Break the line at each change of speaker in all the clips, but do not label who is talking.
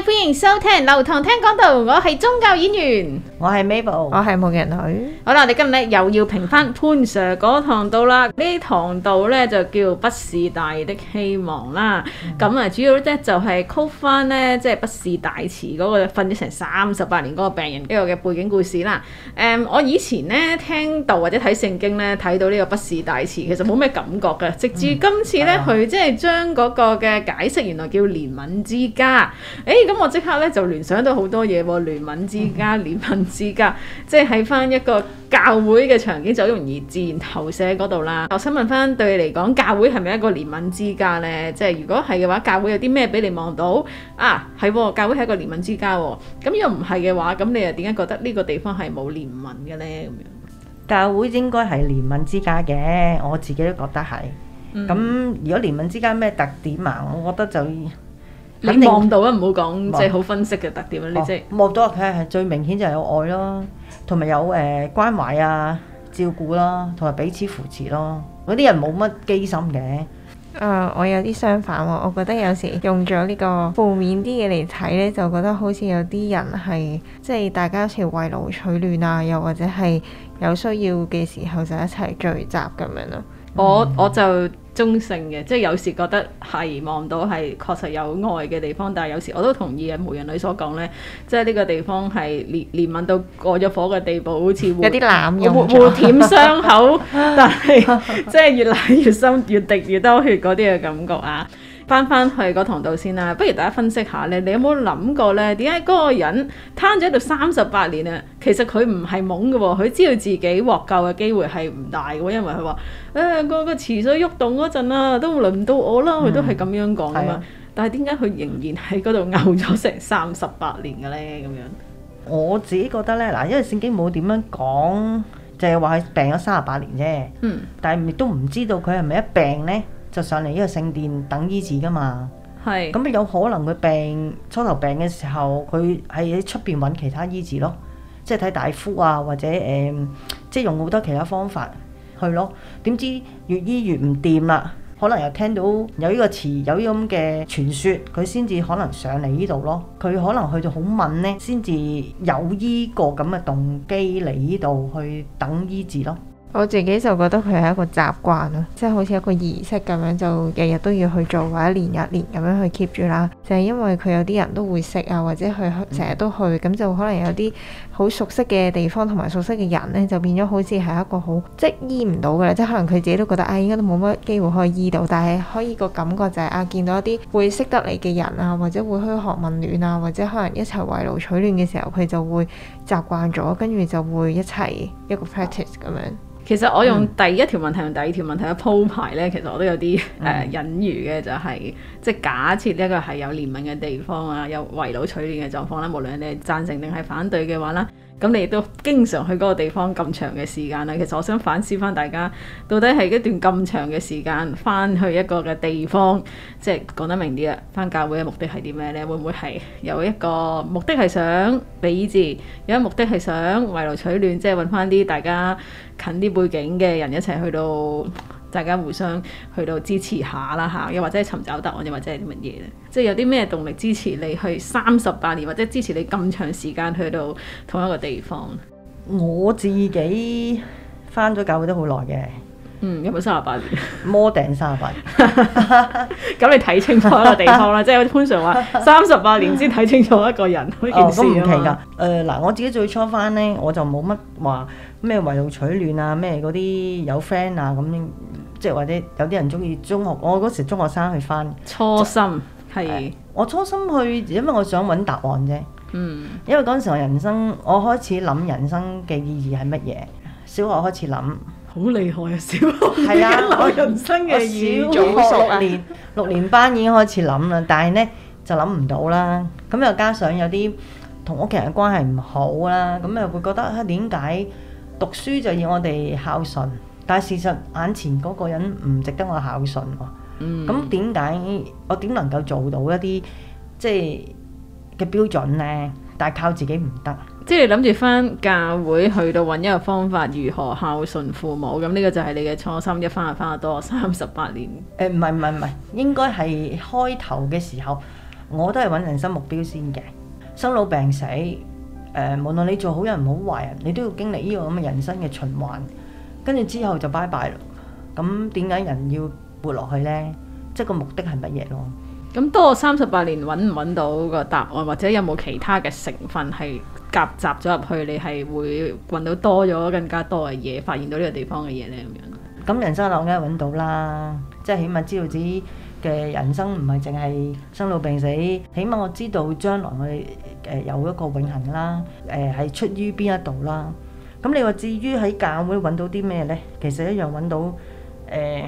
歡迎收聽《流堂
聽講道》，我係宗教演員，我係 Mabel，我係冇人女。
好啦，我哋今日又要評翻潘 Sir 嗰堂道啦。呢堂道咧就叫《不是大》的希望啦。咁啊、嗯，主要咧就係曲翻咧，即、就、係、是那個《不是大》池嗰個瞓咗成三十八年嗰個病人呢個嘅背景故事啦。誒、嗯，我以前咧聽到或者睇聖經咧睇到呢個《不是大》池，其實冇咩感覺嘅。直至今次咧，佢即係將嗰個嘅解釋，原來叫憐憫之家。誒。咁我即刻咧就聯想到好多嘢喎、哦，憐憫之家、憐憫之家，即係喺翻一個教會嘅場景就好容易自然投射嗰度啦。我想問翻對你嚟講，教會係咪一個憐憫之家呢？即係如果係嘅話，教會有啲咩俾你望到啊？係喎、哦，教會係一個憐憫之家喎、哦。咁又唔係嘅話，咁你又點解覺得呢個地方係冇憐憫嘅呢？咁樣教會
應該係憐憫之家嘅，我自己都覺得係。咁、嗯、如果憐憫之家咩特點啊？我覺得就。你望到啊，唔好講即係好分析嘅特點啊，哦、你即係望、哦、到佢係最明顯就係有愛咯，同埋有誒、呃、關懷啊、照顧啦、啊，同埋彼此扶持咯、啊。嗰啲人冇乜機心嘅。誒、呃，我有啲
相反喎、啊，我覺得有時用咗呢個負面啲嘢嚟睇呢，就覺得好似有啲人係即係大家一齊圍爐取暖啊，又或者係有需要嘅時候就一齊聚集咁樣咯、啊。我我
就中性嘅，即係有時覺得係望到係確實有愛嘅地方，但係有時我都同意啊無人女所講咧，即係呢個地方係憐憐憫到過咗火嘅地步，好似有啲攬，護護舔傷口， 但係即係越嚟越深，越滴越多血嗰啲嘅感覺啊！返返去嗰堂度先啦，不如大家分析下咧，你有冇諗過咧？點解嗰個人癱咗喺度三十八年啊？其實佢唔係懵嘅喎，佢知道自己獲救嘅機會係唔大嘅，因為佢話誒，哎那個個池水喐動嗰陣、嗯、啊，都輪唔到我啦，佢都係咁樣講噶嘛。但係點解佢仍然喺嗰度漚咗成三十八年嘅咧？咁樣
我自己覺得咧，嗱，因為聖經冇點樣講，就係話佢病咗三十八年啫。嗯。但係亦都唔知道佢係咪一病咧？就上嚟呢個聖殿等醫治噶嘛，咁啊是有可能佢病初頭病嘅時候，佢係喺出邊揾其他醫治咯，即係睇大夫啊，或者誒、嗯，即係用好多其他方法去咯。點知越醫越唔掂啦，可能又聽到有呢個詞，有呢咁嘅傳說，佢先至可能上嚟呢度咯。佢可能去到好敏呢，先至有依個咁嘅動機嚟呢度去等醫治咯。
我自己就覺得佢係一個習慣咯，即係好似一個儀式咁樣，就日日都要去做，或者一年一年咁樣去 keep 住啦。就係因為佢有啲人都會識啊，或者去成日都去，咁就可能有啲好熟悉嘅地方同埋熟悉嘅人呢，就變咗好似係一個好即係醫唔到嘅，即係可能佢自己都覺得啊，應該都冇乜機會可以醫到，但係可以個感覺就係啊，見到一啲會識得你嘅人啊，或者會噓寒問暖啊，或者可能一齊圍爐取暖嘅時候，佢就會習慣咗，跟住就會一齊一個 practice 咁樣。
其實我用第一條問題同第二條問題嘅鋪排呢，其實我都有啲誒、呃、隱喻嘅、就是，就係 即係假設呢一個係有憐憫嘅地方啊，有圍爐取暖嘅狀況啦，無論你係贊成定係反對嘅話啦。咁你亦都經常去嗰個地方咁長嘅時間啦。其實我想反思翻大家，到底係一段咁長嘅時間，翻去一個嘅地方，即係講得明啲啦。翻教會嘅目的係啲咩呢？會唔會係有一個目的係想被醫治，有一個目的係想圍爐取暖，即係揾翻啲大家近啲背景嘅人一齊去到？大家互相去到支持下啦嚇，又或者係尋找答案，又或者係啲乜嘢咧？即係有啲咩動力支持你去三十八年，或者支持你咁長時間去到同一個地方？
我自己翻咗
教會都好耐嘅。嗯，有冇三十八年？More than 三十八年。咁 你睇清楚一個地方啦， 即係我通常話三十八年先睇清楚一個人嗰件事啊。都唔奇㗎。
誒嗱，我自己最初翻咧，我就冇乜話。咩圍爐取暖啊？咩嗰啲有 friend 啊？咁即係或者有啲人中意中學。我嗰時中學生去翻，初心係就是、呃、我初心去，因為我想揾答案啫。嗯。因為嗰陣時我人生，我開始諗人生嘅意義係乜嘢。小學開始諗，好厲害啊！小學係啊，我人生嘅意，小學六年六 年班已經開始諗啦，但係呢就諗唔到啦。咁又加上有啲同屋企人嘅關係唔好啦，咁又會覺得點解？讀書就要我哋孝順，但係事實眼前嗰個人唔值得我孝順喎。嗯，咁點解我點能夠做到一啲即係嘅標準呢？但係靠自己唔得，
即係你諗住翻教會去到揾一個方法，如何孝順父母？咁呢個就係你嘅初心。一翻又翻得多三十八年。誒，唔係唔係唔係，應該
係開頭嘅時候，我都係揾人生目標先嘅，生老病死。誒、呃，無論你做好人唔好壞人，你都要經歷呢個咁嘅人生嘅循環，跟住，之後就拜拜咯。嗯，咁點解人要活落去呢？即係個目的係乜嘢咯？
咁多三十八年揾唔揾到個答案，或者有冇其他嘅成分係夾雜咗入去？你係會搵到多咗更加多嘅嘢，發現到呢個地方嘅嘢呢？咁樣
咁人生嘅我梗係揾到啦，即係起碼知道自己，嘅人生唔係淨係生老病死，起碼我知道將來我哋誒有一個永恆啦，誒係出於邊一度啦。咁你話至於喺教會揾到啲咩呢？其實一樣揾到誒，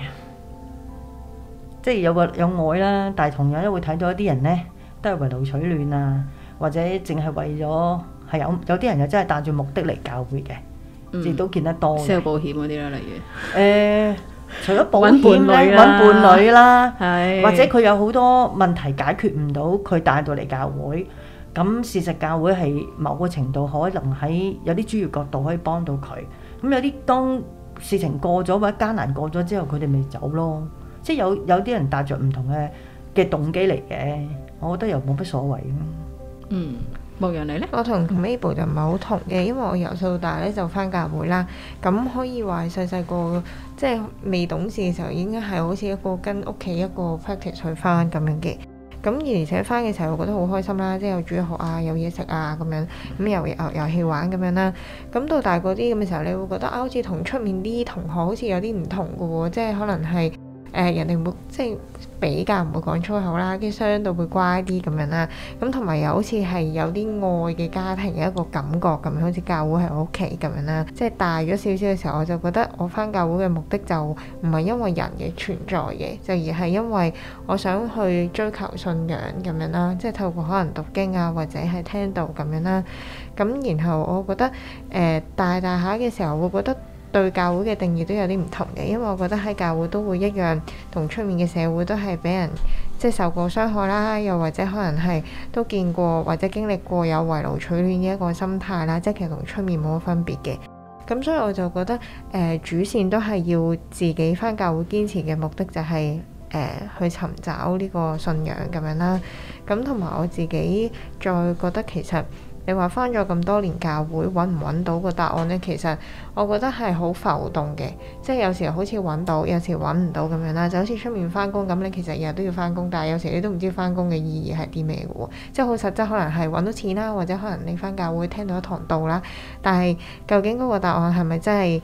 即係有個有愛啦。但係同樣咧，都會睇到一啲人呢都係圍爐取暖啊，或者淨係為咗係有有啲人又真係帶住目的嚟教會嘅，亦都見得多。商業保險嗰啲啦，例如誒。除咗保險咧，揾伴侶啦，侶啦是或者佢有好多問題解決唔到，佢帶到嚟教會。咁事實教會係某個程度可能喺有啲專業角度可以幫到佢。咁有啲當事情過咗或者艱難過咗之後，佢哋咪走咯。即係有有啲人帶着唔同嘅嘅動機嚟嘅，我覺得又冇乜所謂咯。嗯。
牧羊你呢，我同 Mabel 就唔係好同嘅，因為我由細到大咧就返教會啦。咁可以話細細個即係未懂事嘅時候已經係好似一個跟屋企一個 practice 去返咁樣嘅。咁而且返嘅時候，我覺得好開心啦，即係有主學啊，有嘢食啊咁樣，咁又遊遊戲玩咁樣啦。咁到大個啲咁嘅時候，你會覺得啊，好似同出面啲同學好似有啲唔同㗎喎，即係可能係。誒人哋會即係比較唔會講粗口啦，跟住相對會乖啲咁樣啦。咁同埋又好似係有啲愛嘅家庭嘅一個感覺咁樣，好似教會喺我屋企咁樣啦。即係大咗少少嘅時候，我就覺得我翻教會嘅目的就唔係因為人嘅存在嘅，就而係因為我想去追求信仰咁樣啦。即係透過可能讀經啊，或者係聽到咁樣啦。咁然後我覺得誒、呃、大大下嘅時候會覺得，對教會嘅定義都有啲唔同嘅，因為我覺得喺教會都會一樣，同出面嘅社會都係俾人即係受過傷害啦，又或者可能係都見過或者經歷過有圍爐取暖嘅一個心態啦，即係其實同出面冇乜分別嘅。咁所以我就覺得誒、呃、主線都係要自己返教會堅持嘅目的就係、是、誒、呃、去尋找呢個信仰咁樣啦。咁同埋我自己再覺得其實。你話翻咗咁多年教會，揾唔揾到個答案呢？其實我覺得係好浮動嘅，即係有時候好似揾到，有時揾唔到咁樣啦。就好似出面翻工咁，你其實日日都要翻工，但係有時你都唔知翻工嘅意義係啲咩嘅喎。即係好實質，可能係揾到錢啦，或者可能你翻教會聽到一堂道啦。但係究竟嗰個答案係咪真係？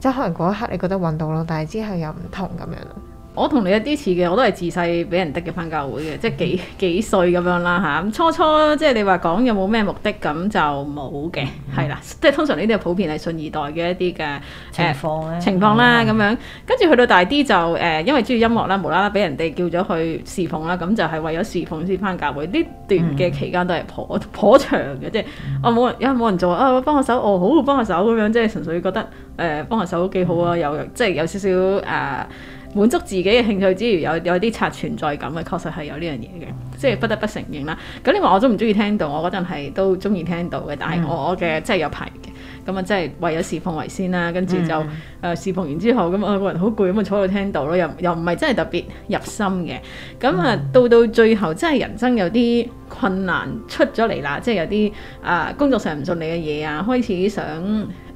即係可能嗰一刻你覺得揾到咯，但係之後又唔同咁樣。
我同你有啲似嘅，我都係自細俾人得嘅返教會嘅，即係幾幾歲咁樣啦嚇。起初初即係你話講有冇咩目的咁就冇嘅，係啦，即係通常呢啲係普遍係信二代嘅一啲嘅情況、呃、情況啦咁唉樣。跟住去到大啲就誒、呃，因為鍾意音樂啦，無啦啦俾人哋叫咗去侍奉啦，咁就係為咗侍奉先返教會呢段嘅期間都係頗頗長嘅，即係我冇人有冇人做啊，幫下手哦、啊，好幫下手咁、啊、樣，即係純粹覺得誒、呃、幫下手好幾好、呃 cap, uh, 啊，有即係有少少啊。滿足自己嘅興趣之餘有有啲刷存在感嘅，確實係有呢樣嘢嘅，即係不得不承認啦。咁你話我中唔中意聽到？我嗰陣係都中意聽到嘅，但係我我嘅即係有排。咁啊，即係為咗侍奉為先啦，跟住就誒侍奉完之後，咁啊個人好攰，咁啊坐喺度聽到咯，又又唔係真係特別入心嘅。咁啊，到到最後，真係人生有啲困難出咗嚟啦，即係有啲啊工作上唔順利嘅嘢啊，開始想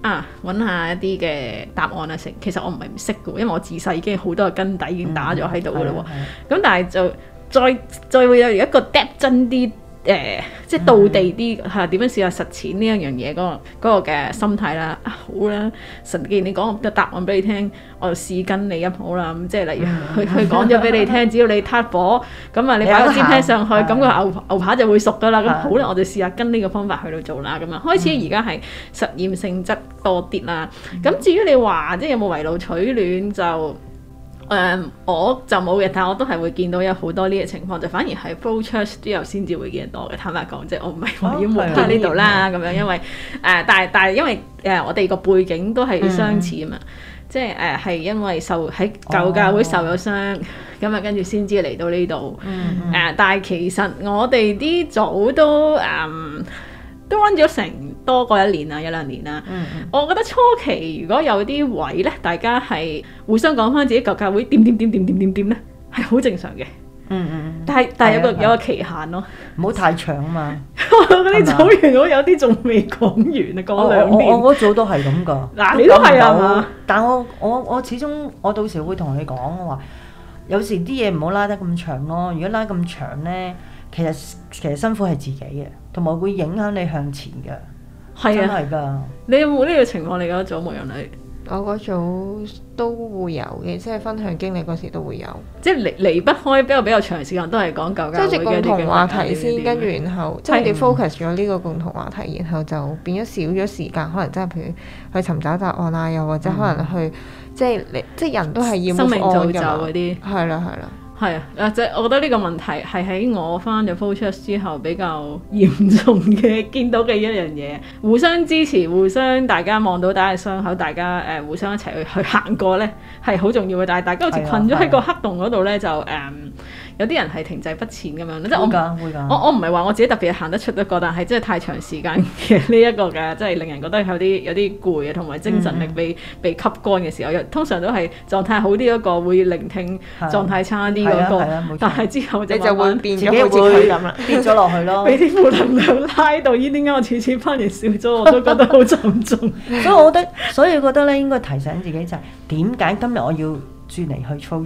啊揾下一啲嘅答案啊成。其實我唔係唔識嘅，因為我自細已經好多根底已經打咗喺度嘅咯喎。咁但係就再再會有一個 step 真啲。誒、呃，即係到地啲吓，點樣試下實踐呢一樣嘢嗰個嘅、那個、心態啦、啊？好啦，神既然你講個答案俾你聽，我就試跟你咁好啦。咁即係例如佢佢講咗俾你聽，嗯、只要你撻火，咁啊你擺個煎 pan 上去，咁、嗯、個牛牛扒就會熟噶啦。咁、嗯、好啦，我就試下跟呢個方法去到做啦。咁、嗯、啊，嗯、開始而家係實驗性質多啲啦。咁、嗯嗯、至於你話即係有冇圍爐取暖就？誒，um, 我就冇嘅，但我都係會見到有好多呢個情況，就反而係 full church 之後先至會見得多嘅。坦白講啫，即我唔係話我已經活呢度啦，咁、哦、樣，因為誒、呃，但係但係因為誒、呃，我哋個背景都係相似啊嘛，嗯、即係誒係因為受喺舊教會受咗傷，咁啊跟住先至嚟到呢度，誒、嗯嗯呃，但係其實我哋啲組都誒。呃都溫咗成多過一年啦，一兩年啦。嗯，我覺得初期如果有啲位咧，大家係互相講翻自己舊教會點點點點點點點咧，係好正常嘅、嗯。
嗯
嗯但係但係有個的有個期限咯，
唔好太長啊嘛。 我啲組員我有啲仲未講完啊，講兩遍。我我組都係咁噶，嗱、啊、你都係啊。嘛？吧但我我我，我始終我到時會同你講我話，有時啲嘢唔好拉得咁長咯。如果拉咁長咧～其實其實辛苦係自己嘅，同埋會影響你向前嘅，係啊，真係噶
你有冇呢個情況嚟噶組牧人嚟？我嗰組都會有嘅，即係分享經歷嗰時都會有，即係離離不開比較比較長時間都係講舊噶即係共同話題先，跟住然後，即係你 focus
咗呢個共同話題，然後就變咗少咗時間，嗯、可能真係譬如去尋找答案啊，又或者可能去、嗯、
即係即係人都係要生命造就嗰啲，係啦係啦。係，即係我覺得呢個問題係喺我翻咗 Photos 之後比較嚴重嘅見到嘅一樣嘢，互相支持，互相大家望到大家嘅傷口，大家誒、呃、互相一齊去去行過呢，係好重要嘅，但係大家好似困咗喺個黑洞嗰度呢，就誒。Um, 有啲人係停滯不前咁樣，即係我噶會噶。我我唔係話我自己特別行得出一個，但係真係太長時間嘅呢一個㗎，真係令人覺得有啲有啲攰啊，同埋精神力被、嗯、被、被吸乾嘅時候，通常都係狀態好啲嗰、那個會聆聽，嗯、狀態差啲嗰、那個。但係之後就慢慢你就會變咗好似佢咁啦，變咗落去咯。俾啲負能
量拉到呢啲，我次次翻完小組我都覺得好沉重、重。所以我覺得，所以我覺得咧應該提醒自己就係點解今日我要轉嚟去操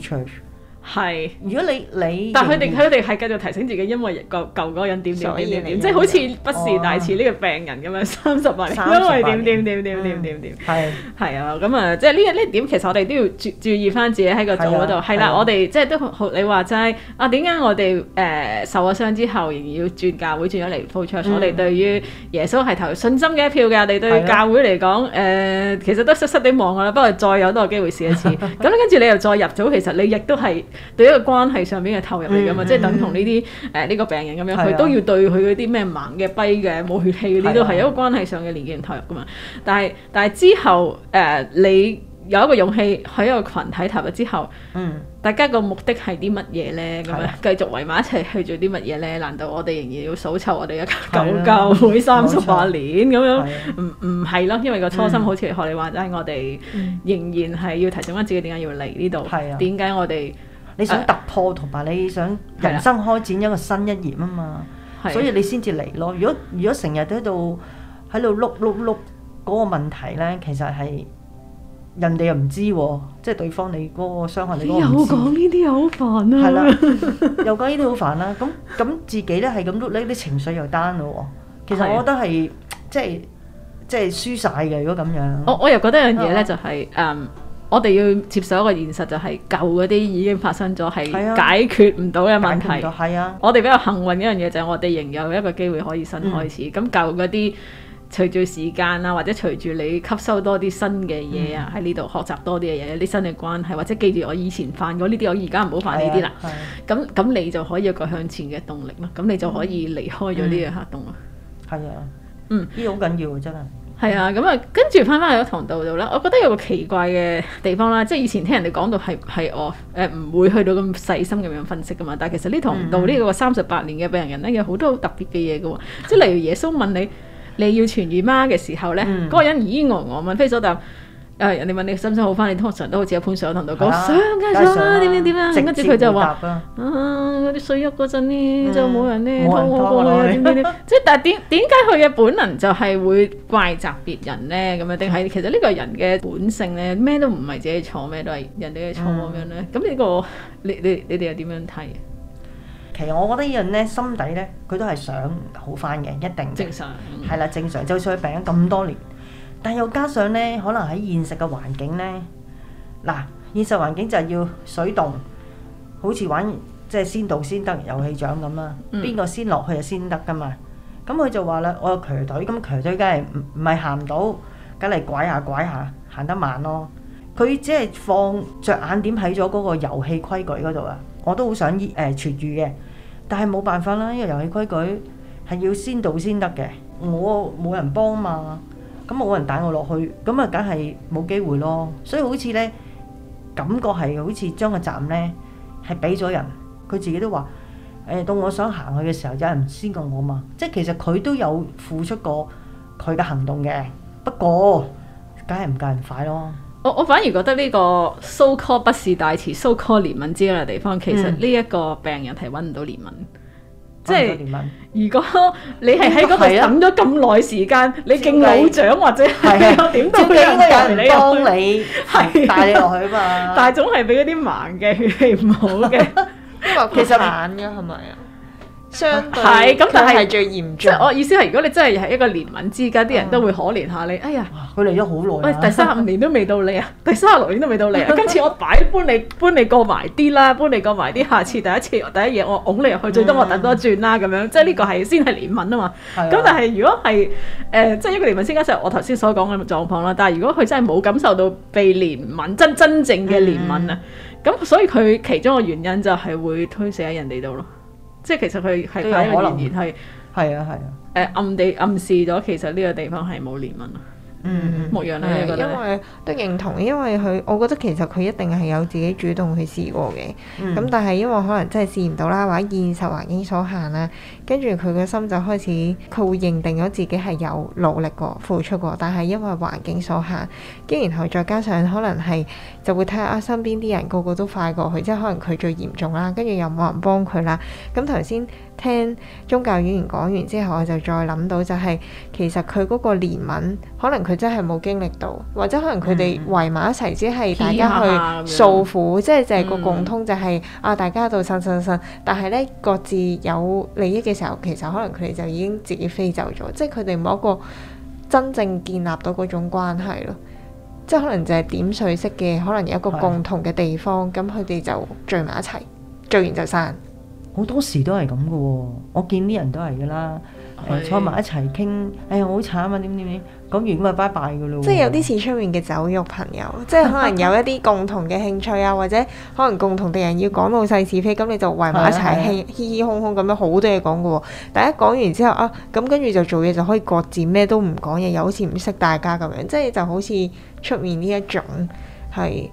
係，如果你你，但佢哋佢哋係繼續提醒自己，因為舊舊嗰人點點點點點，即係好似畢士大池呢個病人咁樣，三十八年，因為點點點點點點點，係係啊，咁啊，即係呢呢點其實我哋都要注注意翻自己喺個組嗰度，係啦，我哋即係都好你話齋啊，點解我哋誒受咗傷之後仍然要轉教會轉咗嚟付出？我哋對於耶穌係投信心嘅一票㗎，我哋對教會嚟講誒，其實都失失啲望㗎啦。不過再有多個機會試一次，咁跟住你又再入組，其實你亦都係。對一個關係上面嘅投入嚟㗎嘛，即係等同呢啲誒呢個病人咁樣，佢都要對佢嗰啲咩盲嘅跛嘅冇血氣嗰啲，都係一個關係上嘅連結投入㗎嘛。但係但係之後誒，你有一個勇氣喺一個群體投入之後，嗯，大家個目的係啲乜嘢咧？咁樣繼續圍埋一齊去做啲乜嘢咧？難道我哋仍然要數湊我哋一九九會三十八年咁樣？唔唔係囉，因為個初心好似學你話齋，我哋仍然係要提醒返自己點解要嚟呢度，係啊，點解我哋？你想突破同埋你
想人生開展一個新一頁啊嘛，的所以你先至嚟咯。如果如果成日都喺度喺度碌碌碌嗰個問題咧，其實係人哋又唔知，即係對方你嗰個傷害你嗰個唔知。又講
呢啲好煩啊！
又講呢啲好煩啦、啊。咁咁自己咧係咁碌呢啲情緒又 down 咯。其實我覺得係的即係即係輸晒嘅。如果咁樣，
我我又覺得一樣嘢咧就係、是、誒。Um, 我哋要接受一個現實，就係舊嗰啲已經發生咗，係解決唔到嘅問題。係啊，我哋比較幸運一樣嘢就係我哋仍有一個機會可以新開始。咁、嗯嗯、舊嗰啲隨住時間啊，或者隨住你吸收多啲新嘅嘢啊，喺呢度學習多啲嘅嘢，有啲新嘅關係，或者記住我以前犯過呢啲，我而家唔好犯呢啲啦。咁咁、啊啊、你就可以有個向前嘅動力咯。咁你就可以離開咗呢個黑洞咯。係啊、嗯，嗯，呢
個好緊要，真係。
係啊，咁、嗯、啊，跟住翻翻去堂道度啦。我覺得有個奇怪嘅地方啦，即係以前聽人哋講到係係我誒唔會去到咁細心咁樣分析噶嘛。但係其實呢堂道呢個三十八年嘅病人咧，有好多特別嘅嘢㗎喎。即係例如耶穌問你你要痊癒嗎？嘅時候咧，嗰個人咦我我問非所答。嗯人哋問你想唔想好翻？你通常都好似阿潘尚同佢講，想㗎想㗎啦，點點點啦，跟住佢就話啊，嗰啲水郁嗰陣呢，嗯、就冇人呢，通我過來即係、嗯、 但係點點解佢嘅本能就係會怪責別人呢？咁樣定係其實呢個人嘅本性咧，咩都唔係自己錯，咩都係人哋嘅錯咁樣咧？咁呢個你你你哋又點樣睇？其實我覺得人呢，人咧，心底咧，佢都係
想好翻嘅，
一定正常係啦，
正常，正常，就算佢病咗咁多年。但又加上咧，可能喺現實嘅環境咧，嗱現實環境就係要水動，好似玩即係先到先得遊戲獎咁啦。邊個、嗯、先落去就先得噶嘛？咁佢就話啦：我有騎隊咁騎隊，梗係唔唔係行唔到，梗係拐下拐下行得慢咯。佢只係放着眼點喺咗嗰個遊戲規矩嗰度啊！我都好想誒、呃、痊癒嘅，但係冇辦法啦，因為遊戲規矩係要先到先得嘅，我冇人幫嘛。咁冇人帶我落去，咁啊梗係冇機會咯。所以好似咧，感覺係好似將個責任咧係俾咗人，佢自己都話，誒、欸、到我想行去嘅時候，有人先過我嘛。即係其實佢都有付出過佢嘅行動嘅，不過梗係唔夠人快咯。
我我反而覺得呢個 so called 畢士大池，so called 憐憫之類嘅地方，其實呢一個病人係搵唔到憐憫。嗯即係，如果你係喺嗰度等咗咁耐時間，啊、你勁老獎、啊、或者係點、啊、都冇人你、啊、幫你，帶你落去啊嘛！啊但係總係俾嗰啲盲嘅、血氣唔好嘅， 其實懶
嘅係咪啊？係咁，但係最嚴重，即
係我意思係，如果你真係係一個憐憫之家，啲、啊、人都會可憐下你。哎呀，佢嚟咗好耐，喂、哎，第三十五年都未到你啊，第三十六年都未到你啊。 今次我擺搬，搬你搬你過埋啲啦，搬你過埋啲。下次第一次第一嘢我拱你入去，嗯、最多我等多一轉啦，咁樣。即係呢個係先係憐憫啊嘛。咁、嗯、但係如果係誒、呃，即係一個憐憫先加上我頭先所講嘅狀況啦。但係如果佢真係冇感受到被憐憫，真真正嘅憐憫啊，咁、嗯、所以佢其中嘅原因就係會推卸喺人哋度咯。即係其實佢係一個謠言，係係啊，係啊，誒暗地暗示咗其實呢個地方係冇憐憫啊。
嗯，牧羊咧，因為
都認同，因為
佢，我覺得其實佢一定係有自己主動去試過嘅。咁、嗯、但係因為可能真係試唔到啦，或者現實環境所限啦，跟住佢個心就開始，佢會認定咗自己係有努力過、付出過，但係因為環境所限，跟然後再加上可能係就會睇下身邊啲人個個都快過去，即係可能佢最嚴重啦，跟住又冇人幫佢啦。咁頭先。聽宗教演員講完之後，我就再諗到就係、是、其實佢嗰個憐憫，可能佢真係冇經歷到，或者可能佢哋圍埋一齊、嗯、只係大家去訴苦，嗯、即係就係個共通就係、是、啊大家度呻呻呻，但係呢，各自有利益嘅時候，其實可能佢哋就已經自己飛走咗，即係佢哋冇一個真正建立到嗰種關係咯。即係可能就係點水式嘅，可能有一個共同嘅地方，咁佢哋就聚埋一齊，聚完就散。
好多時都係咁嘅喎，我見啲人都係㗎啦，
呃、坐埋一
齊傾，哎呀，好慘啊，點點點，講完咁啊，拜拜㗎咯。即係有啲似出面嘅酒肉朋友， 即係
可能有一啲共同嘅興趣啊，或者可能共同嘅人要講老細是非，咁你就圍埋一齊，興嘻嘻哄哄咁樣好多嘢講嘅喎、哦。但一講完之後啊，咁跟住就做嘢就可以各自咩都唔講嘢，又好似唔識大家咁樣，即係就好似出面呢一種
係。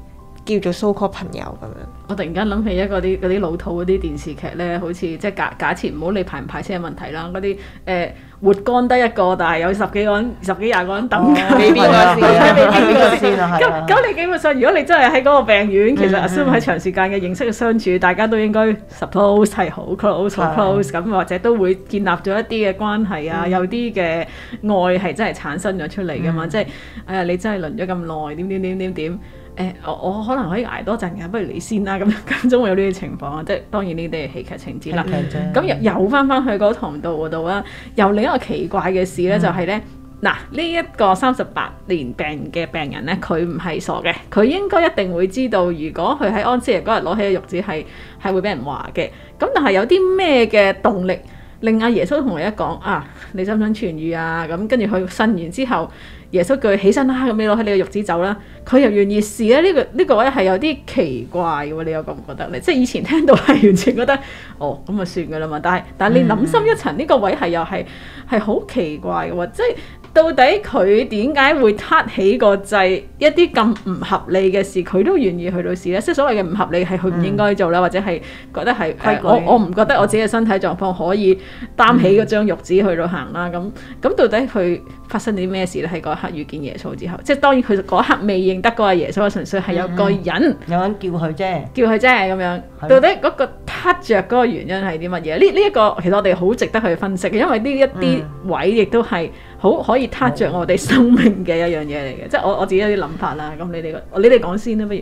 叫做 so called 朋友咁樣，我突然間諗起一個啲啲老土嗰啲電視劇咧，好似即係假假設唔好你排唔排車嘅問題啦，嗰啲誒活幹得一個，但係有十幾個人、十幾廿個人等，俾邊個先？俾邊咁你基本上，如果你真係喺嗰個病院，其實雖然喺長時間嘅認識嘅相處，大家都應該 suppose 係好 close 咁，或者都會建立咗一啲嘅關係啊，有啲嘅愛係真係產生咗出嚟噶嘛？即係哎呀，你真係輪咗咁耐，點點點點點。誒、欸，我我可能可以捱多陣嘅，不如你先、啊嗯、啦。咁間中會有呢啲情況啊，即係當然呢啲係戲劇情節啦。咁又又翻翻去嗰堂道嗰度啦。又另一個奇怪嘅事咧、就是，就係咧，嗱呢一個三十八年病嘅病人咧，佢唔係傻嘅，佢應該一定會知道，如果佢喺安息日嗰日攞起個玉子，係係會俾人話嘅。咁但係有啲咩嘅動力令阿耶穌同佢一講啊？你想唔想痊愈啊？咁跟住佢呻完之後。耶穌叫佢起身啦，咁你攞起你個玉子走啦，佢又願意試咧。呢個呢個位係有啲奇怪嘅喎，你又覺唔覺得咧？即係以前聽到係完全覺得，哦咁啊算嘅啦嘛。但係但係你諗深一層，呢、嗯嗯、個位係又係係好奇怪嘅喎，即係。到底佢點解會撻起個掣，一啲咁唔合理嘅事，佢都願意去到試咧？即係所謂嘅唔合理係佢唔應該做啦，嗯、或者係覺得係規、呃、我我唔覺得我自己嘅身體狀況可以擔起嗰張褥子去到行啦。咁咁、嗯、到底佢發生啲咩事咧？喺嗰刻遇見耶穌之後，即係當然佢嗰刻未認得嗰個耶穌，純粹係有個人，嗯、有人叫佢啫，叫佢啫咁樣。嗎到底嗰個撻著嗰個原因係啲乜嘢？呢呢一個其實我哋好值得去分析嘅，因為呢一啲位亦都係。好可以 touch 着我哋生命嘅一樣嘢嚟嘅， 即係我我自己有啲諗法啦。咁你哋你哋講先啦，不如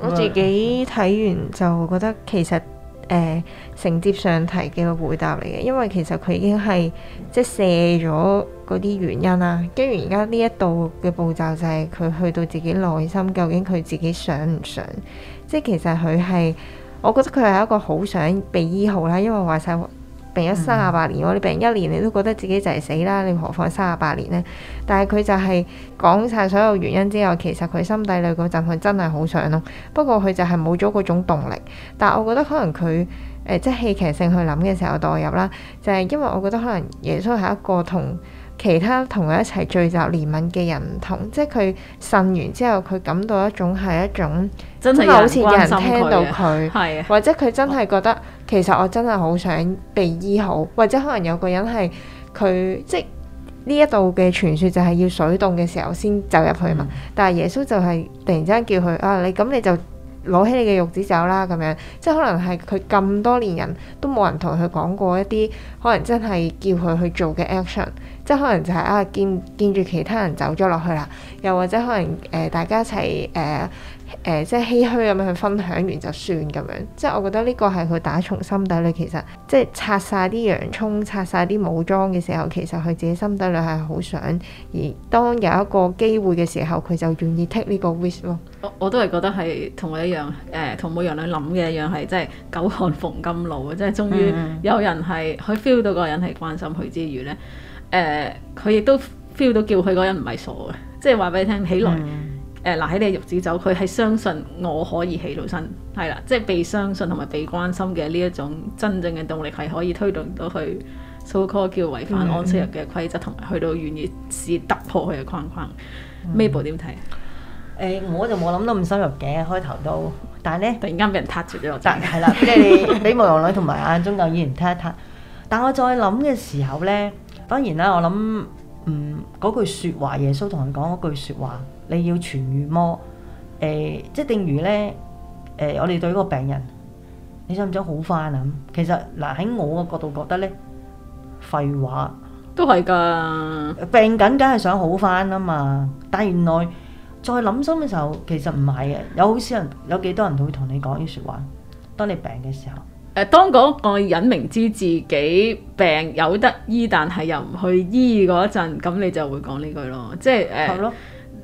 我自己
睇完就覺得其實誒、呃、承接上題嘅一個回答嚟嘅，因為其實佢已經係即係卸咗嗰啲原因啊。跟住而家呢一度嘅步驟就係佢去到自己內心，究竟佢自己想唔想？即係其實佢係，我覺得佢係一個好想被醫好啦，因為話晒。病咗卅八年，嗯、你病一年你都覺得自己就係死啦，你何況卅八年呢？但係佢就係講晒所有原因之後，其實佢心底裏嗰陣佢真係好想咯。不過佢就係冇咗嗰種動力。但係我覺得可能佢誒、呃、即係戲劇性去諗嘅時候代入啦，就係、是、因為我覺得可能耶穌係一個同其他同佢一齊聚集憐憫嘅人唔同，即係佢呻完之後佢感到一種係一種真係好似有人聽到佢，的或者佢真係覺得。其實我真係好想被醫好，或者可能有個人係佢，即呢一度嘅傳説就係要水動嘅時候先走入去嘛。嗯、但係耶穌就係突然之間叫佢啊，你咁你就攞起你嘅褥子走啦咁樣。即係可能係佢咁多年人都冇人同佢講過一啲可能真係叫佢去做嘅 action，即係可能就係、是、啊見見住其他人走咗落去啦，又或者可能誒、呃，大家一齊誒。呃誒、呃，即係唏噓咁樣去分享完就算咁樣，即係我覺得呢個係佢打從心底裏，其實即係拆晒啲洋葱、拆晒啲武裝嘅時候，其實佢自己心底裏係好想，而當有一個機會嘅時候，佢就願意 take 呢個 wish 咯。
我我都係覺得係同我一樣，誒、呃，同冇一樣諗嘅一樣係，即係久旱逢甘露啊！即係終於有人係，佢 feel、mm. 到嗰個人係關心佢之餘呢，誒、呃，佢亦都 feel 到叫佢嗰人唔係傻嘅，即係話俾你聽起來。Mm. 誒，嗱、呃，喺你嘅肉子走，佢係相信我可以起到身，係啦，即係被相信同埋被關心嘅呢一種真正嘅動力，係可以推動到佢 so call 叫違反安息日嘅規則，同埋去到願意試突破佢嘅框框。Mabel 點睇？誒、欸，我就冇諗到咁深入嘅開頭都，但係咧突然間俾人撻住咗，但係是啦，即係俾慕
容女同埋眼中教議員踢一踢。但我再諗嘅時候咧，當然啦，我諗嗯嗰句説話，耶穌同人講嗰句説話。你要痊愈麼？誒、呃，即係正如咧，誒、呃，我哋對嗰個病人，你想唔想好翻啊？其實嗱，喺、呃、我嘅角度覺得咧，廢話，都係㗎。病緊梗係想好翻啊嘛！但係原來再諗深嘅時候，其實唔係嘅。有好少人，有幾多人會同你講呢說話？當你病嘅時候，誒、
呃，當嗰個人明知自己病有得醫，但係又唔去醫嗰陣，咁你就會講呢句咯。即係誒。呃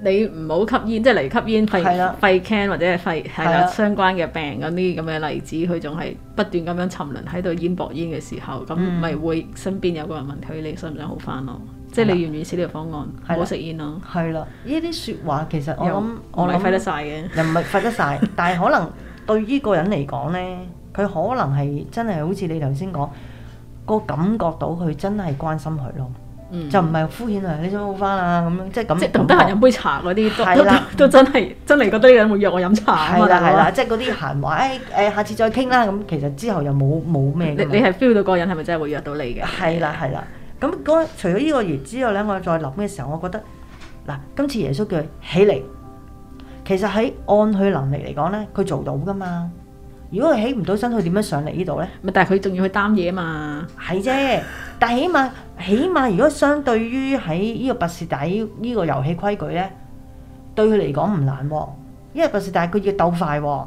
你唔好吸煙，即係嚟吸煙肺肺 can 或者係肺係啊相關嘅病，咁啲咁嘅例子，佢仲係不斷咁樣沉淪喺度煙駁煙嘅時候，咁咪會身邊有個人問佢你想唔想好翻咯？的即係你願唔願意試呢個方案？唔好食煙咯。係啦，呢啲説
話其實我諗又我諗唔係廢得曬嘅，又唔係廢得曬， 但係可能對於個人嚟講咧，佢可能係真係好似你頭先講個感覺到佢真係關心佢咯。就唔係敷衍啊！你想好翻啊，咁、嗯、是樣即係咁，得得閒
飲杯茶嗰啲都的都，
都真係、嗯、真係覺得呢個人會約我飲茶啊嘛係啦係啦，嗯、即係嗰啲閒話誒誒、 哎，下次再傾啦。咁其實之後又冇冇咩嘅。你你係 feel 到嗰個人係咪真係會約到你嘅？係啦係啦，咁的除咗呢個月之後咧，我再諗嘅時候，我覺得嗱，今次耶穌叫佢起嚟，其實喺按佢能力嚟講咧，佢做到噶嘛。如果佢起唔到身，佢點樣上嚟呢度咧？咪但係佢仲要去擔嘢啊嘛，係啫。 但係起碼起碼，起碼如果相對於喺呢個畢士大呢個遊戲規矩咧，對佢嚟講唔難喎、哦。因為畢士大，佢要鬥快、哦，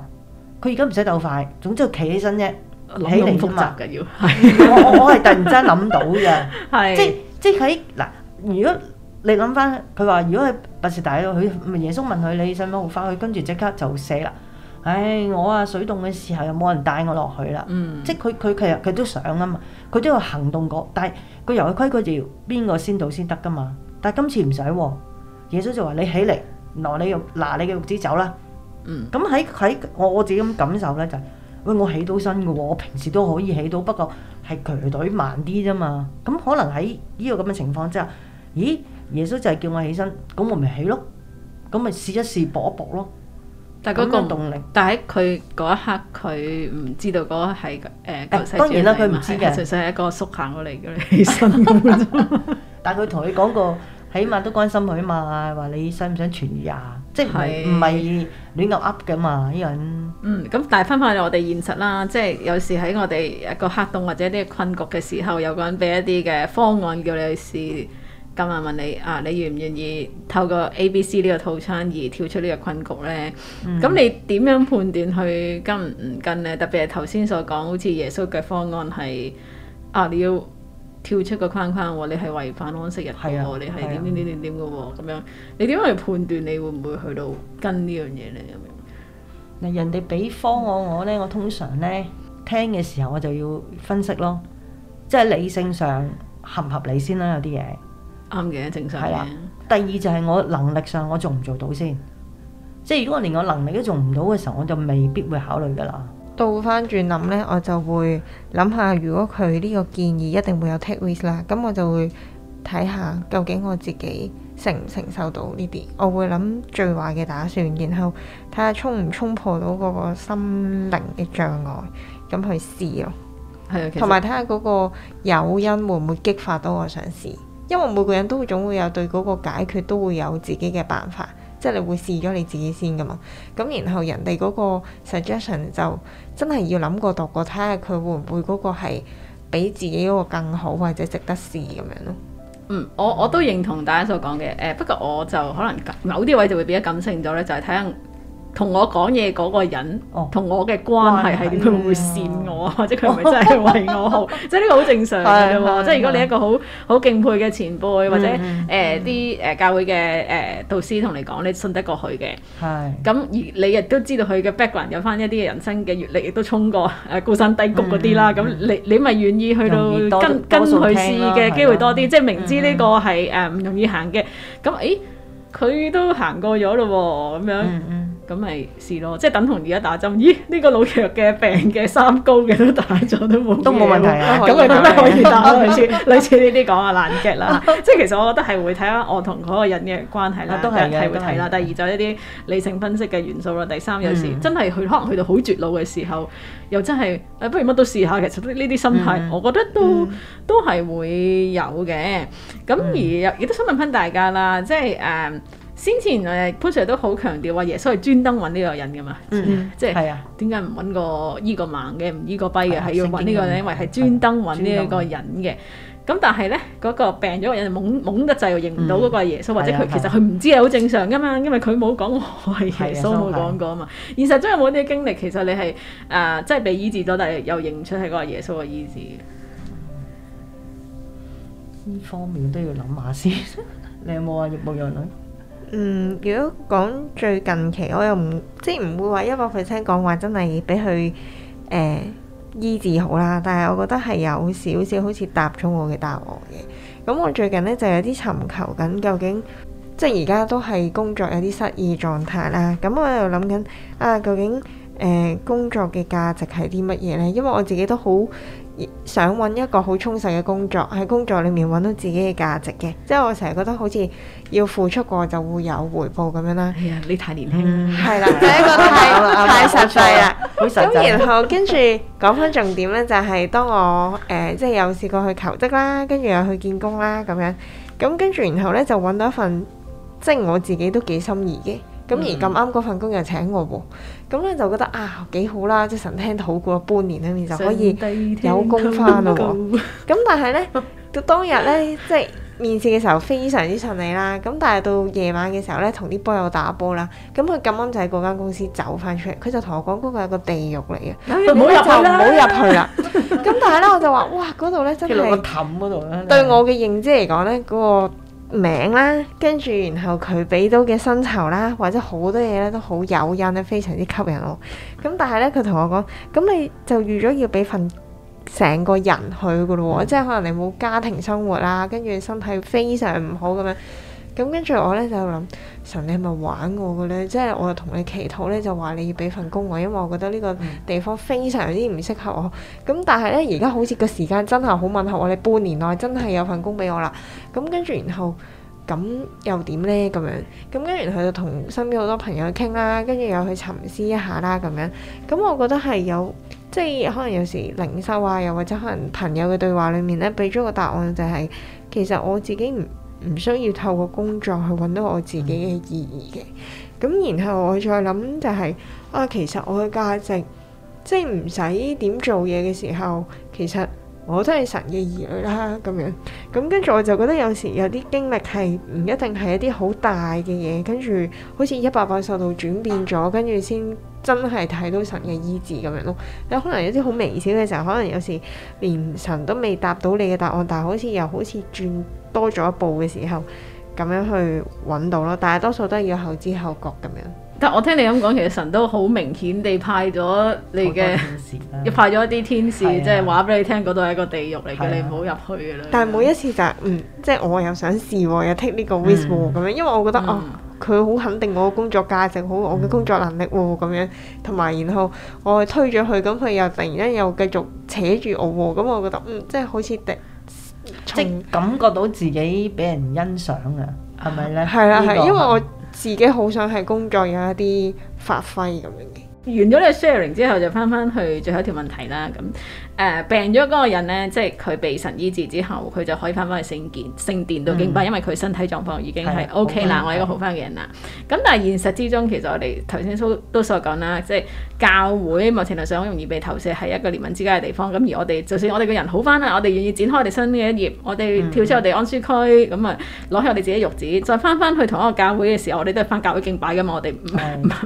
佢而家唔使鬥快，總之佢企起身啫，起嚟啫嘛。咁複雜嘅要，我我我係突然間諗到嘅， 即 即佢嗱， 如果你諗翻佢話，如果係畢士大，咧，佢耶穌問佢你想唔想好翻，佢跟住即刻就死啦。唉，我啊水動嘅時候又冇人帶我落去啦，嗯、即係佢佢其實佢都想啊嘛，佢都有行動過，但係個遊戲規矩就邊個先到先得噶嘛。但係今次唔使，耶穌就話你起嚟，嗱你褥嗱你嘅褥子走啦。咁喺喺我我自己咁感受咧就係、是，喂我起到身嘅喎，我平時都可以起到，不過係強隊慢啲啫嘛。咁可能喺呢個咁嘅情況之下，咦耶穌就係叫我起身，咁我咪起咯，咁咪試一試搏一搏咯。
但嗰、那個動力，但喺佢嗰一刻，佢唔知道嗰係誒救佢唔知嘅嘛，純粹係一個叔行過嚟嘅醫生。起 但佢
同你講過，起碼都關心佢啊嘛，話你想唔想痊癒啊？即係唔係亂咁噏嘅嘛，呢個嗯，
咁但係翻返嚟我哋現實啦，即係有時喺我哋一個黑洞或者啲困局嘅時候，有個人俾一啲嘅方案叫你去試。今啊！問你啊，你願唔願意透過 A、B、C 呢個套餐而跳出呢個困局呢？咁、嗯、你點樣判斷去跟唔跟呢？特別係頭先所講，好似耶穌嘅方案係啊，你要跳出個框框、哦、你係違反安息日嘅、啊、你係點點點點點嘅喎，咁、啊、樣你點樣去判斷你會唔會去到跟呢樣
嘢呢？咁樣嗱，人哋俾方案我呢，我通常呢，聽嘅時候我就要分析咯，即係理性上合唔合理先啦、啊。有啲嘢。啱嘅，正常嘅。第二就係我能力上我做唔做到先，即係如果我連我能力都做唔到嘅時候，我就未必會考慮噶啦。
倒翻轉諗呢，我就會諗下如果佢呢個建議一定會有 take risk 啦，咁我就會睇下究竟我自己承唔承受到呢啲。我會諗最壞嘅打算，然後睇下衝唔衝破到嗰個心靈嘅障礙，咁去試咯。係啊，同埋睇下嗰個誘因會唔會激發到我，我想試。因為每個人都會總會有對嗰個解決都會有自己嘅辦法，即係你會試咗你自己先噶嘛。咁然後人哋嗰個 suggestion 就真係要諗過度過，睇下佢會唔會嗰個係比自己嗰個更好或者值得試咁樣咯。嗯，
我我都認同大家所講嘅。誒，不過我就可能某啲位就會變得感性咗咧，就係、是、睇。同我講嘢嗰個人，同我嘅關係係點？佢會唔會善我，或者佢咪真係為我好？即係呢個好正常嘅啫。即係如果你一個好好敬佩嘅前輩，或者誒啲誒教會嘅誒導師同你講，你信得過佢嘅。係。咁而你亦都知道佢嘅 background 有翻一啲人生嘅閲歷，亦都衝過誒高山低谷嗰啲啦。咁你你咪願意去到跟跟佢試嘅機會多啲？即係明知呢個係誒唔容易行嘅。咁誒，佢都行過咗咯喎，咁樣。咁咪試咯，即係等同而家打針。咦？呢、這個老弱嘅病嘅三高嘅都打咗都冇，都冇問題啊！咁咪可以打？ 類似類似呢啲講啊，爛劇啦。即係其實我覺得係會睇下我同嗰個人嘅關係啦，啊、都係係會睇啦。第二就係一啲理性分析嘅元素咯。第三、嗯、有時真係佢可能去到好絕路嘅時候，又真係誒、哎，不如乜都試下。其實呢啲心態，我覺得都、嗯嗯、都係會有嘅。咁而亦都想問翻大家啦，即係誒。Uh, 之前誒潘 Sir 都好強調話，耶穌係專登揾呢個人噶嘛，即係點解唔揾個醫個盲嘅，唔醫個跛嘅，係要揾呢個人，因為係專登揾呢一個人嘅。咁但係咧，嗰個病咗個人懵懵得滯，又認唔到嗰個耶穌，或者佢其實佢唔知係好正常噶嘛。因為佢冇講我係耶穌，冇講過啊嘛。現實中有冇啲經歷？其實你係誒，即係被醫治咗，但係又認唔出係個耶穌嘅醫治。
呢方面都要諗下
先。你有冇啊？牧羊女？嗯，如果講最近期，我又唔即係唔會話一百 percent 講話真係俾佢誒醫治好啦。但係我覺得係有少少好似答咗我嘅答案嘅。咁、嗯、我最近呢就有啲尋求緊，究竟即係而家都係工作有啲失意狀態啦。咁、嗯、我又諗緊啊，究竟誒、呃、工作嘅價值係啲乜嘢呢？因為我自己都好。想揾一個好充實嘅工作，喺工作裏面揾到自己嘅價值嘅，即係我成日覺得好似要付出過就會有回報咁樣啦。係啊、哎，你太年輕，係啦， 係一個太 太，太，太實際啦，咁然後跟住講翻重點呢，就係、是、當我誒、呃、即係有試過去求職啦，跟住又去見工啦咁樣，咁跟住然後呢，就揾到一份即係我自己都幾心儀嘅。咁、嗯、而咁啱嗰份工又請我喎，咁咧就覺得啊幾好啦，即神聽得好過半年咧，你就可以有工翻咯喎。咁 但係咧，到當日咧，即面試嘅時候非常之順利啦。咁但係到夜晚嘅時候咧，同啲波友打波啦。咁佢咁啱就喺嗰間公司走翻出嚟，佢就同我講嗰個係個地獄嚟嘅，唔好入，唔好入去啦。咁 但係咧，我就話：哇，嗰度咧真係氹嗰度。對我嘅認知嚟講咧，嗰、嗰個名啦，跟住然後佢俾到嘅薪酬啦，或者好多嘢咧都好誘因啊，非常之吸引我。咁但係咧，佢同我講，咁你就預咗要俾份成個人去噶咯喎，即係可能你冇家庭生活啦，跟住身體非常唔好咁樣。咁跟住我咧就諗，神你係咪玩我嘅咧？即係我又同你祈禱咧，就話你要俾份工我，因為我覺得呢個地方非常之唔適合我。咁但係咧，而家好似個時間真係好吻合我，你半年內真係有份工俾我啦。咁跟住然後咁又點咧？咁樣咁跟住佢就同身邊好多朋友傾啦，跟住又去沉思一下啦，咁樣。咁我覺得係有即係可能有時靈修啊，又或者可能朋友嘅對話裡面咧，俾咗個答案就係、是、其實我自己唔。唔需要透過工作去揾到我自己嘅意義嘅，咁然後我再諗就係啊，其實我嘅價值即係唔使點做嘢嘅時候，其實。我都係神嘅兒女啦，咁樣。咁跟住我就覺得有時有啲經歷係唔一定係一啲好大嘅嘢，跟住好似一百八十度轉變咗，跟住先真係睇到神嘅醫治咁樣咯。有可能有啲好微小嘅時候，可能有時連神都未答到你嘅答案，但係好似又好似轉多咗一步嘅時候咁樣去揾到咯。但係多數都要後知後覺咁樣。
但我聽你咁講，其實神都好明顯地派咗你嘅，亦、啊、派咗一啲天使，啊、即係話俾你聽嗰度係一個地獄嚟嘅，啊、你唔好入去噶啦。
但係每一次就係、是，嗯，
即係我又想
試喎，又 take 呢個 risk 喎，咁樣、嗯，因為我覺得哦，佢好、嗯啊、肯定我嘅工作價值，好、嗯、我嘅工作能力喎，咁樣，同埋然後我推咗佢，咁佢又突然間又繼續扯住我，咁
我覺得嗯，即係好似第，即感覺到自己俾人欣賞啊，係咪咧？係啦，係因為我。
自己好想喺工作有一啲發揮咁樣嘅。完咗呢個 sharing 之後就翻翻去最後一條問題啦咁。誒、uh, 病咗嗰個人咧，即係佢被神醫治之後，佢就可以翻返去聖殿，聖殿度敬拜，嗯、因為佢身體狀況已經係 O K 啦，我係一個好翻嘅人啦。咁的但係現實之中，其實我哋頭先都所講啦，即、就、係、是、教會某程度上好容易被投射係一個憐憫之家嘅地方。咁而我哋就算我哋個人好翻啦，我哋願意展開我哋新嘅一頁，我哋跳出我哋安舒區，咁啊攞起我哋自己褥子，再翻返去同一個教會嘅時候，我哋都係翻教會敬拜㗎嘛，我哋唔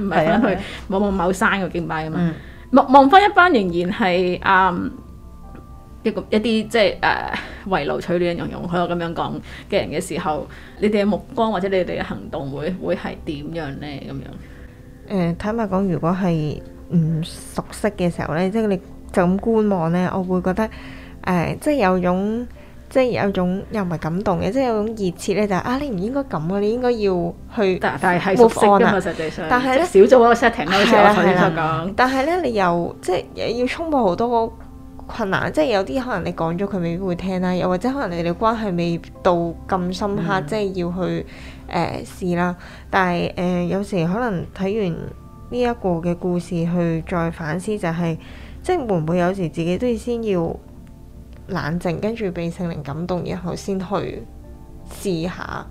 唔係翻去某某某山個敬拜㗎嘛，望望翻一班仍然係啊～、嗯一個一啲即係誒，圍爐取暖嘅樣佢我咁樣講嘅人嘅時候，你哋嘅目光或者你哋嘅行動會會係點樣咧？咁樣誒、呃，
坦白講，如果係唔熟悉嘅時候咧，即係你就咁觀望咧，我會覺得誒，即、就、係、是就是、有種即係有種又唔係感動嘅，即、就、係、是、有種熱切咧、就是，就啊，你唔應該咁啊，你應該要去，但但係係熟識啊嘛，實際上，但係咧少咗一個 setting 咯，我頭先但係咧你又即係要衝破好多困難，即係有啲可能你講咗佢未必會聽啦，又或者可能你哋關係未到咁深刻，嗯、即係要去誒、呃、試啦。但係誒、呃、有時可能睇完呢一個嘅故事去再反思、就係，就係即係會唔會有時自己都要先要冷靜，跟住被聖靈感動，然後先去試下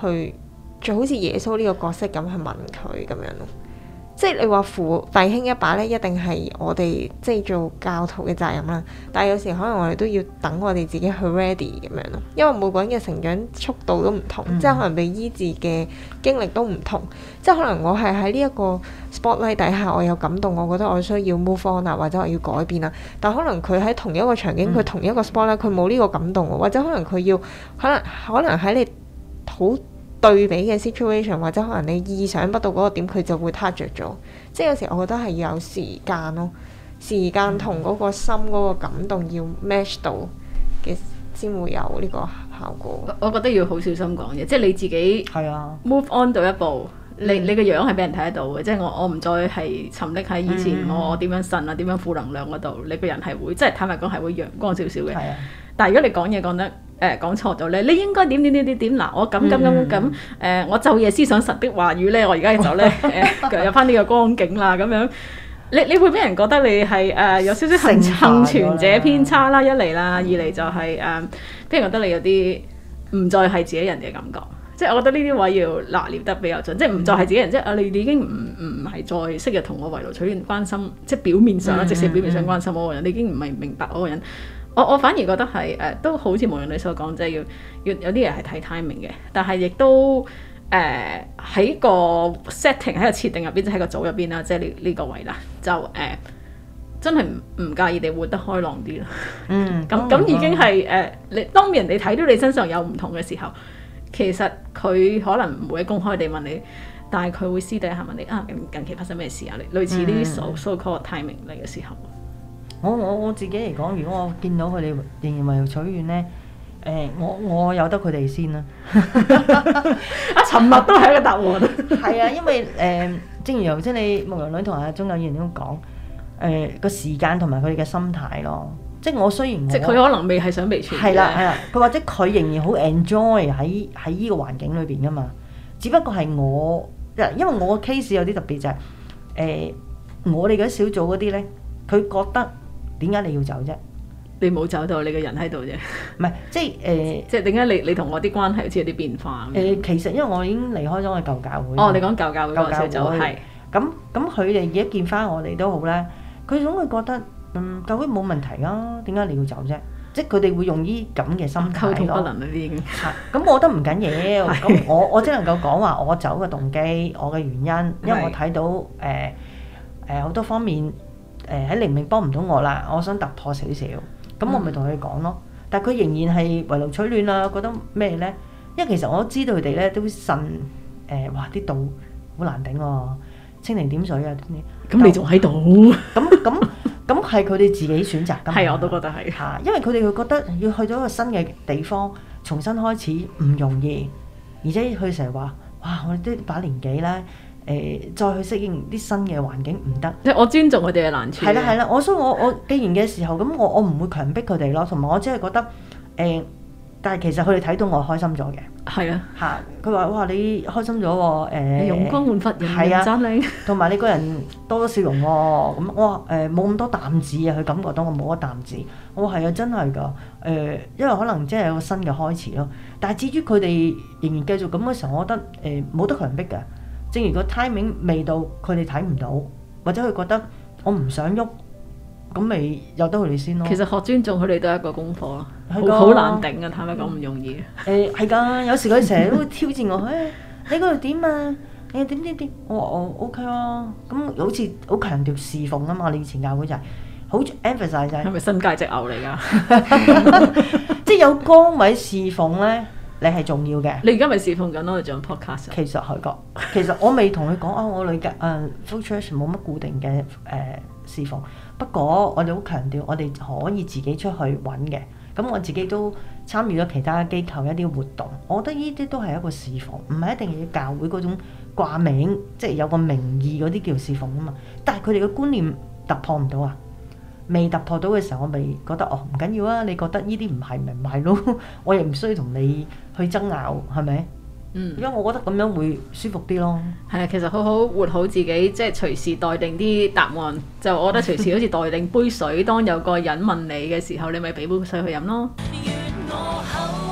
去，就好似耶穌呢個角色咁去問佢咁樣咯。即係你話扶弟兄一把咧，一定係我哋即係做教徒嘅責任啦。但係有時可能我哋都要等我哋自己去 ready 咁樣咯。因為每個人嘅成長速度都唔同，嗯、即係可能被醫治嘅經歷都唔同。即係可能我係喺呢一個 spotlight 底下，我有感動，我覺得我需要 move on 啊，或者我要改變啊。但可能佢喺同一個場景，佢、嗯、同一個 spotlight 佢冇呢個感動，或者可能佢要可能可能喺你肚。對比嘅 situation 或者可能你意想不到嗰個點，佢就會 touch 著咗，即係有時我覺得係要有時間咯，時間同嗰個心嗰個感
動要 match 到嘅先會有呢個效果。我覺得要好小心講嘢，即係你自己 move on 到一步，啊、你你個樣係俾人睇得到嘅，即係我我唔再係沉溺喺以前我點樣呻啊點樣負能量嗰度，你個人係會即係坦白講係會陽光少少嘅。係啊，但係如果你講嘢講得，誒講錯咗咧，你應該點點點點點嗱，我咁咁咁咁誒，我就夜思想神的話語咧，我而家就咧，有翻呢個光景啦，咁樣你你會俾人覺得你係誒有少少幸幸存者偏差啦，一嚟啦，二嚟就係誒，俾人覺得你有啲唔再係自己人嘅感覺，即係我覺得呢啲位要拿捏得比較準，即係唔再係自己人，即係啊你你已經唔唔係再適應同我圍爐取暖關心，即係表面上啦，即使表面上關心我個人，你已經唔係明白我個人。我我反而覺得係誒、呃，都好似無論你所講，即係要要有啲嘢係睇 timing 嘅，但係亦都誒喺、呃、個 setting 喺個設定入邊，即係個組入邊啦，即係呢呢個位啦，就誒、呃、真係唔唔介意你活得開朗啲啦。嗯，咁咁、 嗯、已經係誒，你、呃嗯、當人哋睇到你身上有唔同嘅時候，其實佢可能唔會公開地問你，但係佢會私底下問你啊，近期發生咩事啊？類似呢啲 so-called so timing 嚟嘅時候。
我我我自己嚟講，如果我見到佢哋仍然未取完咧，誒、呃，我我由得佢哋先啦。阿沉默都係一個答案。係 啊，因為誒、呃，正如頭先你牧羊女同阿鐘友燕咁講，誒、呃、個時間同埋佢哋嘅心態咯。即係我雖然我，即佢可能未係想被取。係啦、啊，係啦、啊。佢或者佢仍然好 enjoy 喺喺依個環境裏邊噶嘛。只不過係我，因為我 case 有啲特別就
係、是，誒、呃，我哋嗰小組嗰啲咧，佢覺得。點解你要走啫？你冇走到，你個人喺度啫。唔係， 呃、即係誒，即係點解你你同我啲關係好似有啲變化？誒、呃，
其實因為我已經離開咗個舊教會。哦，你講舊教會，舊教會係。咁咁的，佢哋而家見翻我哋都好啦。佢總會覺得，嗯，教會冇問題咯、啊。點解你要走啫？即係佢哋會用呢咁嘅心態溝通不能嗰啲。咁我覺得唔緊要。係。 我我只能夠講話我走嘅動機，我嘅原因，因為我睇到誒誒好多方面。誒喺靈命幫唔到我啦，我想突破少少，咁我咪同佢講咯。但係佢仍然係圍爐取暖啦，覺得咩咧？因為其實我知道佢哋咧都信誒、呃，哇啲度好難頂、啊，蜻蜓點水啊！咁你仲喺度？咁咁咁係佢哋自己選擇、啊。係，我都覺得係。嚇，因為佢哋會覺得要去到一個新嘅地方，重新開始唔容易，而且佢成日話：哇，我哋都把年紀咧。誒，再去適應啲新嘅環境唔得，即係我尊重佢哋嘅難處。係啦，係啦，所以我我既然嘅時候咁，我我唔會強迫佢哋咯，同埋我只係覺得誒、欸，但係其實佢哋睇到我開心咗嘅。係的啊，嚇！佢話：哇，你開心咗喎，誒、欸，容光煥發，人面生，同埋你個人多咗笑容喎。咁我誒冇咁多擔子啊，佢感覺到我冇一擔子。我係啊，真係㗎誒，因為可能真係有個新嘅開始咯。但係至於佢哋仍然繼續咁嘅時候，我覺得誒冇、呃呃、得強迫嘅。正如個 timing 未到，佢哋睇唔到，或者佢覺得我唔想喐，咁咪由得佢哋先咯。其實學
尊重佢哋都係一個功課，好、啊、難頂啊！坦白講唔容易、啊。誒係噶，有時佢成日都會
挑戰我，誒、 哎、你嗰度點啊？你又點點點，我我 OK 啊。咁好似好強調侍奉啊嘛！你以前教會就係、是，好 emphasize 就係。係咪新界隻牛嚟噶？ 即係有崗位侍奉咧。你係重要嘅。你而家咪侍奉緊咯，做 podcast。其實海哥，其實我未同佢講，我女嘅，誒，focus 冇乜固定嘅誒侍奉。不過我哋好強調，我哋可以自己出去揾嘅。咁我自己都參與咗其他機構一啲活動，我覺得呢啲都係一個侍奉，唔係一定要教會嗰種掛名，即係有個名義嗰啲叫侍奉啊嘛。但係佢哋嘅觀念突破唔到啊。未突破到嘅時候，我咪覺得哦唔緊要啊。你覺得呢啲唔係明唔係咯。我又唔需要同你去爭拗，係咪？嗯，因
為我覺得咁樣會舒服啲咯。係啊，其實好好活好自己，即係隨時待定啲答案，就我覺得隨時好似待定杯水，當有個人問你嘅時候，你咪俾杯水去飲咯。